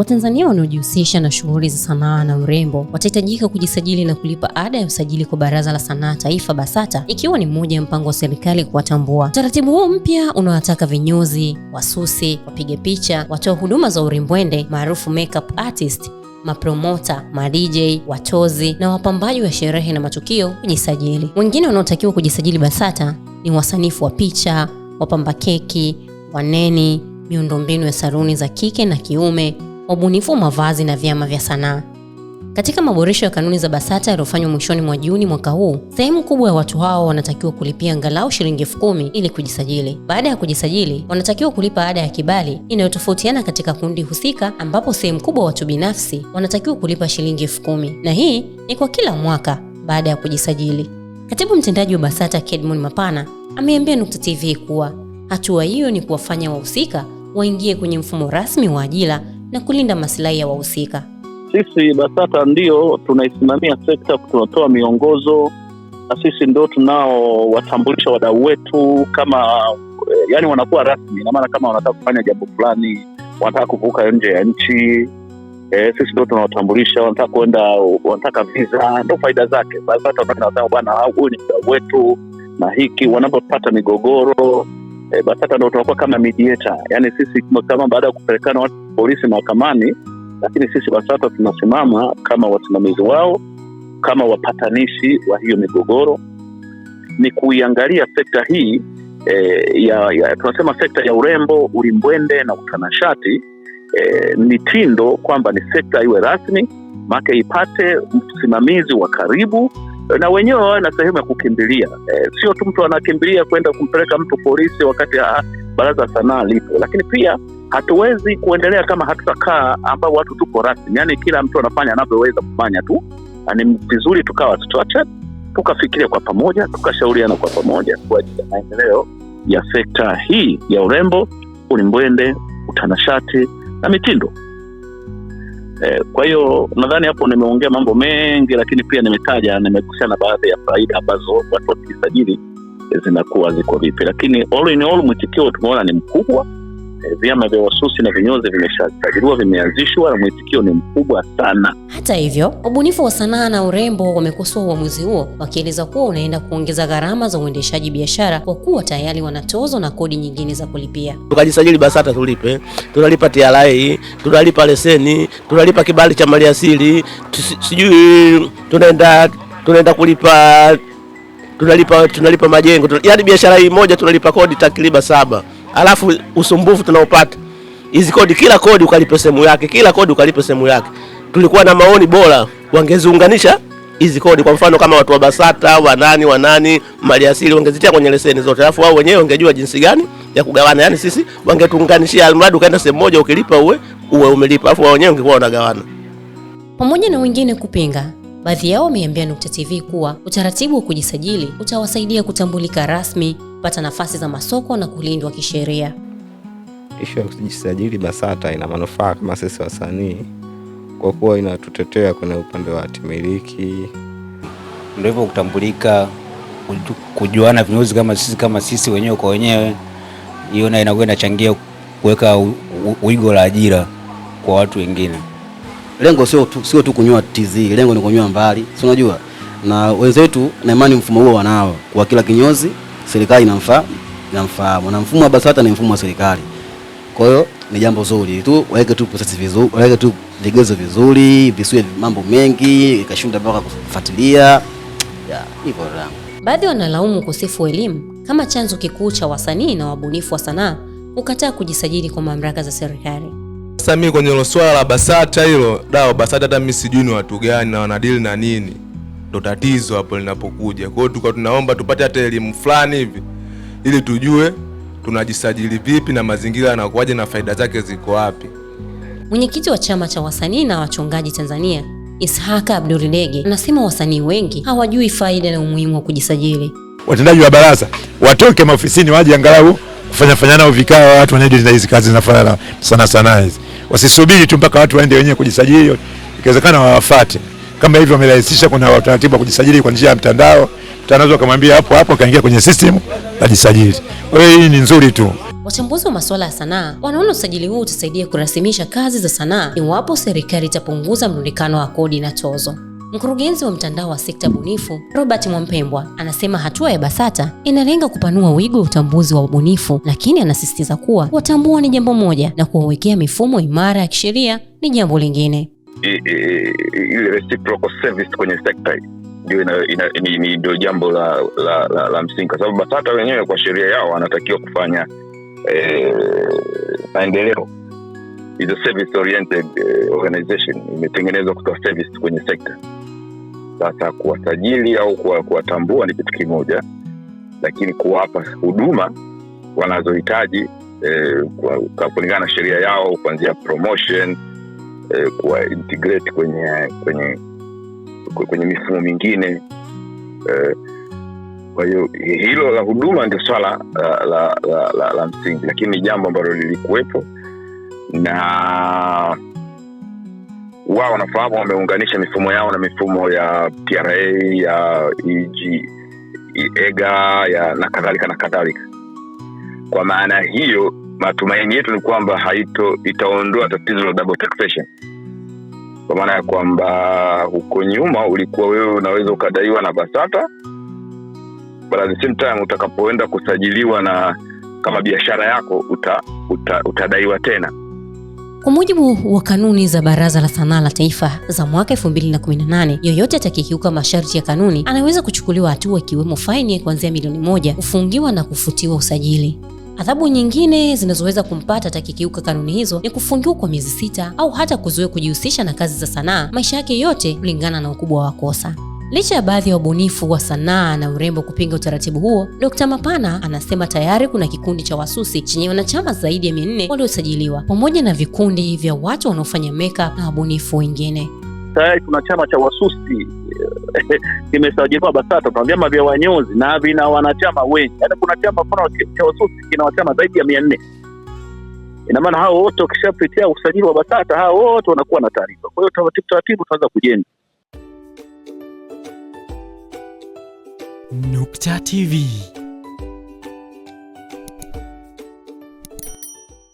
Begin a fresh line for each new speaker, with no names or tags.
Watanzania wanaojihusisha na shughuli za sanaa na urembo watahitajika kujisajili na kulipa ada ya usajili kwa Baraza la Sanaa Taifa BASATA, ikiwa ni moja ya mpango wa serikali kuwatambua. Utaratibu huu mpya unawataka vinyozi, wasusi, wapiga picha, watoa huduma za urembwende maarufu makeup artist mapromota, DJ watozi na wapambaji wa sherehe na matukio kujisajili. Wengine wanaotakiwa kujisajili BASATA ni wasanifu wa picha, wapamba keki, waneni, miundombinu ya saruni za kike na kiume, wabunifu wa mavazi na vyama vya sanaa. Katika maboresho ya kanuni za BASATA yaliyofanywa mwishoni mwa Juni mwaka huu, sehemu kubwa ya watu hao wanatakiwa kulipia angalau shilingi elfu kumi ili kujisajili. Baada ya kujisajili, wanatakiwa kulipa ada ya kibali inayotofautiana katika kundi husika, ambapo sehemu kubwa watu binafsi wanatakiwa kulipa shilingi elfu kumi na hii ni kwa kila mwaka baada ya kujisajili. Katibu mtendaji wa BASATA Kedmon Mapana ameambia Nukta TV kuwa hatua hiyo ni kuwafanya wahusika waingie kwenye mfumo rasmi wa ajira na kulinda masilahi ya wahusika.
Sisi BASATA ndio tunaisimamia sekta, tunatoa miongozo na sisi ndo tunaowatambulisha wadau wetu kama eh, yani wanakuwa rasmi, na maana kama wanataka kufanya jambo fulani, wanataka kuvuka nje ya nchi e, sisi ndo tunawatambulisha. Wanataka kwenda, wanataka visa, ndo faida zake BASATA. Bwana huyu ni mdau wetu na hiki, wanapopata migogoro e, BASATA ndo tunakuwa kama mediator, yani sisi kama baada ya kupelekana watu polisi mahakamani, lakini sisi BASATA tunasimama kama wasimamizi wao, kama wapatanishi wa hiyo migogoro, ni kuiangalia sekta hii e, ya, ya tunasema sekta ya urembo, ulimbwende na utanashati e, mitindo, kwamba ni sekta iwe rasmi, make ipate msimamizi wa karibu na wenyewe wawe na sehemu ya kukimbilia e, sio tu mtu anakimbilia kwenda kumpeleka mtu polisi wakati ah, baraza sanaa lipo, lakini pia hatuwezi kuendelea kama hatutakaa ambao watu tuko rasmi, yaani kila mtu anafanya anavyoweza kufanya tu. Ni vizuri tukawa structured, tukafikiria kwa pamoja, tukashauriana kwa pamoja kwa ajili ya maendeleo ya sekta hii ya urembo, ulimbwende, utanashati na mitindo. Eh, kwa hiyo nadhani hapo nimeongea mambo mengi, lakini pia nimetaja, nimegusia baadhi ya faida ambazo watu wakisajili zinakuwa ziko vipi, lakini all in all mwitikio tumeona ni mkubwa. Eh, vyama vya wasusi na vinyozi vimeshatajiriwa, vimeanzishwa na mwitikio ni mkubwa sana.
Hata hivyo, wabunifu wa sanaa na urembo wamekosoa uamuzi huo, wakieleza kuwa unaenda kuongeza gharama za uendeshaji biashara kwa kuwa tayari tozo na kodi nyingine za kulipia.
Tukajisajili BASATA tulipe, tunalipa TRA, tunalipa leseni, tunalipa kibali cha maliasili, sijui tunaenda tunaenda kulipa tunalipa tunalipa majengo, yani biashara hii moja tunalipa kodi takriban saba alafu usumbufu tunaopata hizi kodi, kila kodi ukalipe sehemu yake, kila kodi ukalipe sehemu yake. Tulikuwa na maoni bora wangeziunganisha hizi kodi, kwa mfano kama watu wa Basata wanani wanani maliasili wangezitia kwenye leseni zote, alafu wao wenyewe wangejua jinsi gani ya kugawana. Yani sisi wangetuunganishia, almradi ukaenda sehemu moja ukilipa uwe uwe umelipa, alafu wao wenyewe wangekuwa wanagawana.
Pamoja na wengine kupinga, baadhi yao wameambia Nukta TV kuwa utaratibu wa kujisajili utawasaidia kutambulika rasmi kupata nafasi za masoko na kulindwa kisheria.
Ishu ya kujisajili BASATA ina manufaa kama sisi wasanii, kwa kuwa inatutetea kwenye upande wa hatimiliki,
ndio hivyo kutambulika, kujuana vinyozi kama sisi kama sisi wenyewe kwa wenyewe. Hiyo na inakuwa inachangia kuweka wigo la ajira kwa watu wengine. Lengo sio tu, sio tu kunywa TZ, lengo ni kunywa mbali, si unajua, na wenzetu na imani mfumo huo wanao kwa kila kinyozi serikali inamfaa inamfahamu, na mfumo wa BASATA ni mfumo wa serikali. Kwa hiyo ni jambo zuri tu, waweke tu process vizuri, waweke tu vigezo vizuri, visiwe mambo mengi ikashinda mpaka kufuatilia hivyo.
Baadhi wanalaumu ukosefu wa elimu kama chanzo kikuu cha wasanii na wabunifu wa sanaa ukataa kujisajili kwa mamlaka za serikali.
Sasa mimi kwenye hilo swala la BASATA hilo dawa BASATA, hata mimi sijui ni watu gani na wanadili na nini ndo tatizo hapo linapokuja. Kwa hiyo tukawa tunaomba tupate hata elimu fulani hivi ili tujue tunajisajili vipi na mazingira yanakuwaje na faida zake ziko wapi.
Mwenyekiti wa chama cha wasanii na wachongaji Tanzania Ishaka Abduridege anasema wasanii wengi hawajui faida na umuhimu wa kujisajili.
Watendaji wa baraza watoke maofisini, waje angalau kufanya fanya nao vikao, watu wanaoenda hizi kazi zinafanana sana sana hizi, wasisubiri tu mpaka watu waende wenyewe kujisajili, ikiwezekana wawafate kama hivyo wamerahisisha. Kuna utaratibu wa kujisajili kwa njia ya mtandao, tunaweza kumwambia hapo hapo akaingia kwenye system ajisajili. Kwa hiyo hii ni nzuri tu.
Wachambuzi wa masuala ya sanaa wanaona usajili huu utasaidia kurasimisha kazi za sanaa iwapo serikali itapunguza mrundikano wa kodi na tozo. Mkurugenzi wa mtandao wa sekta bunifu Robert Mwampembwa anasema hatua ya BASATA inalenga kupanua wigo wa utambuzi wa ubunifu, lakini anasisitiza kuwa watambua ni jambo moja na kuwawekea mifumo imara ya kisheria ni jambo lingine
ile reciprocal service kwenye sekta ndio ni, ndio jambo la, la, la, la msingi kwa sababu BASATA wenyewe kwa sheria yao wanatakiwa kufanya eh, maendeleo is a service oriented eh, organization imetengenezwa kutoa service kwenye sekta sasa kuwasajili au kuwatambua ni kitu kimoja lakini kuwapa huduma wanazohitaji eh, kulingana na sheria yao kuanzia promotion eh, kuwa integrate kwenye kwenye kwenye mifumo mingine eh, kwa hiyo hilo la huduma ndio swala la, la, la, la, la msingi, lakini ni jambo ambalo lilikuwepo na wao wanafahamu, wameunganisha mifumo yao na mifumo ya TRA ya EG, EGA ya na kadhalika na kadhalika. Kwa maana hiyo matumaini yetu ni kwamba haito itaondoa tatizo la double taxation, kwa maana ya kwamba huko nyuma ulikuwa wewe unaweza ukadaiwa na BASATA but at the same time utakapoenda kusajiliwa na kama biashara yako uta, uta, utadaiwa tena.
Kwa mujibu wa kanuni za Baraza la Sanaa la Taifa za mwaka 2018, yoyote atakikiuka masharti ya kanuni anaweza kuchukuliwa hatua ikiwemo faini ya kuanzia milioni moja, kufungiwa na kufutiwa usajili. Adhabu nyingine zinazoweza kumpata atakikiuka kanuni hizo ni kufungiwa kwa miezi sita au hata kuzuia kujihusisha na kazi za sanaa maisha yake yote kulingana na ukubwa wa kosa. Licha ya baadhi ya wabunifu wa sanaa na urembo kupinga utaratibu huo, Dr. Mapana anasema tayari kuna kikundi cha wasusi chenye wanachama zaidi ya 400 waliosajiliwa pamoja na vikundi vya watu wanaofanya makeup na wabunifu wengine.
Tayari kuna chama cha wasusi kimesajiliwa BASATA, tuna vyama vya wanyozi na vina wanachama wengi. Yaani kuna chama mfano cha wasusi kina wachama zaidi ya mia nne. Ina maana hao wote wakishapitia usajili wa BASATA, hao wote wanakuwa na taarifa. Kwa hiyo taratibu taratibu tunaanza kujenga. Nukta TV.